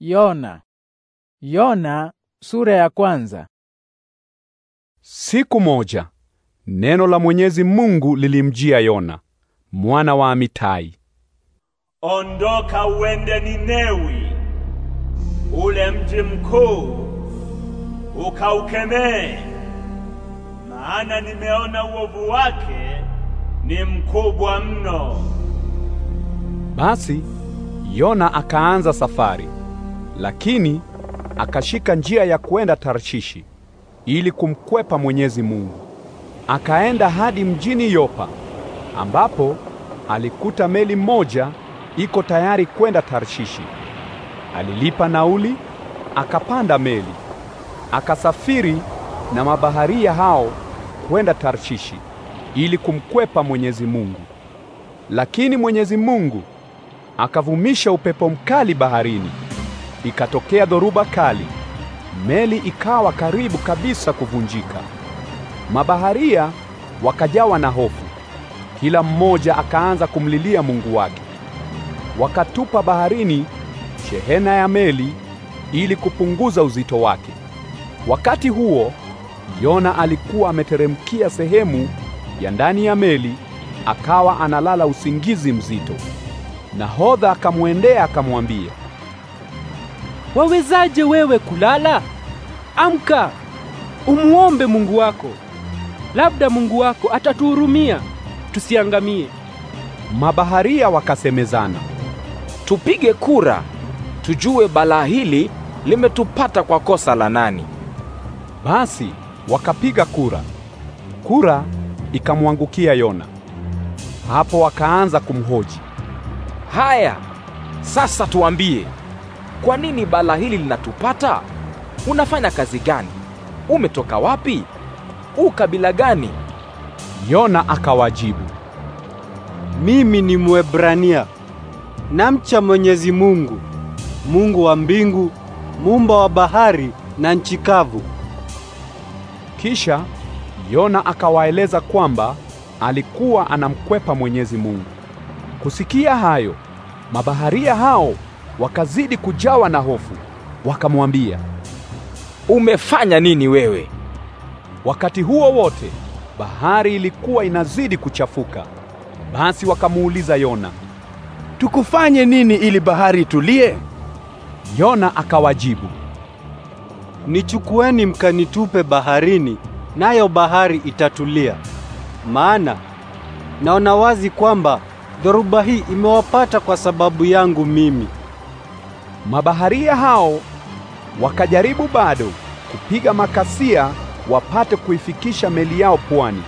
Yona. Yona sura ya kwanza. Siku moja neno la Mwenyezi Mungu lilimjia Yona mwana wa Amitai, ondoka uende Ninewi, ule mji mkuu, ukaukemee, maana nimeona uovu wake ni mkubwa mno. Basi Yona akaanza safari lakini akashika njia ya kwenda Tarshishi ili kumkwepa Mwenyezi Mungu. Akaenda hadi mjini Yopa ambapo alikuta meli moja iko tayari kwenda Tarshishi. Alilipa nauli, akapanda meli, akasafiri na mabaharia hao kwenda Tarshishi ili kumkwepa Mwenyezi Mungu. Lakini Mwenyezi Mungu akavumisha upepo mkali baharini ikatokea dhoruba kali, meli ikawa karibu kabisa kuvunjika. Mabaharia wakajawa na hofu, kila mmoja akaanza kumlilia Mungu wake. Wakatupa baharini shehena ya meli ili kupunguza uzito wake. Wakati huo Yona alikuwa ameteremkia sehemu ya ndani ya meli, akawa analala usingizi mzito. Nahodha akamwendea akamwambia wawezaje wewe kulala? Amka, umuombe Mungu wako, labda Mungu wako atatuhurumia tusiangamie. Mabaharia wakasemezana, tupige kura tujue balaa hili limetupata kwa kosa la nani. Basi wakapiga kura, kura ikamwangukia Yona. Hapo wakaanza kumhoji, haya sasa tuambie kwa nini bala hili linatupata? Unafanya kazi gani? Umetoka wapi? U kabila gani? Yona akawajibu, mimi ni Mwebrania, namcha Mwenyezi Mungu, Mungu wa mbingu, muumba wa bahari na nchi kavu. Kisha Yona akawaeleza kwamba alikuwa anamkwepa Mwenyezi Mungu. Kusikia hayo, mabaharia hao wakazidi kujawa na hofu, wakamwambia, umefanya nini wewe? Wakati huo wote bahari ilikuwa inazidi kuchafuka. Basi wakamuuliza Yona, tukufanye nini ili bahari itulie? Yona akawajibu, nichukueni mkanitupe baharini, nayo bahari itatulia. Maana naona wazi kwamba dhoruba hii imewapata kwa sababu yangu mimi. Mabaharia hao wakajaribu bado kupiga makasia wapate kuifikisha meli yao pwani,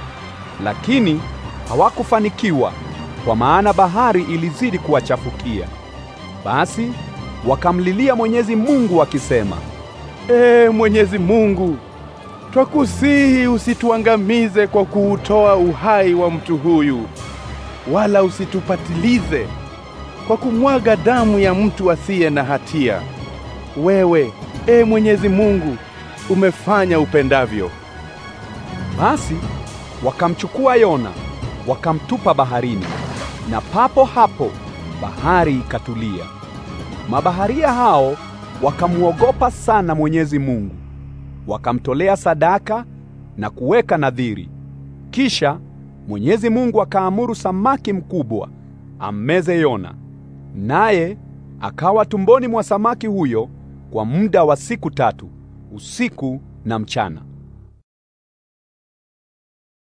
lakini hawakufanikiwa kwa maana bahari ilizidi kuwachafukia. Basi wakamlilia Mwenyezi Mungu wakisema, Ee Mwenyezi Mungu, twakusihi usituangamize kwa kuutoa uhai wa mtu huyu, wala usitupatilize kwa kumwaga damu ya mtu asiye na hatia. Wewe, e Mwenyezi Mungu, umefanya upendavyo. Basi wakamchukua Yona, wakamtupa baharini, na papo hapo bahari ikatulia. Mabaharia hao wakamwogopa sana Mwenyezi Mungu, wakamtolea sadaka na kuweka nadhiri. Kisha Mwenyezi Mungu akaamuru samaki mkubwa ammeze Yona naye akawa tumboni mwa samaki huyo kwa muda wa siku tatu usiku na mchana.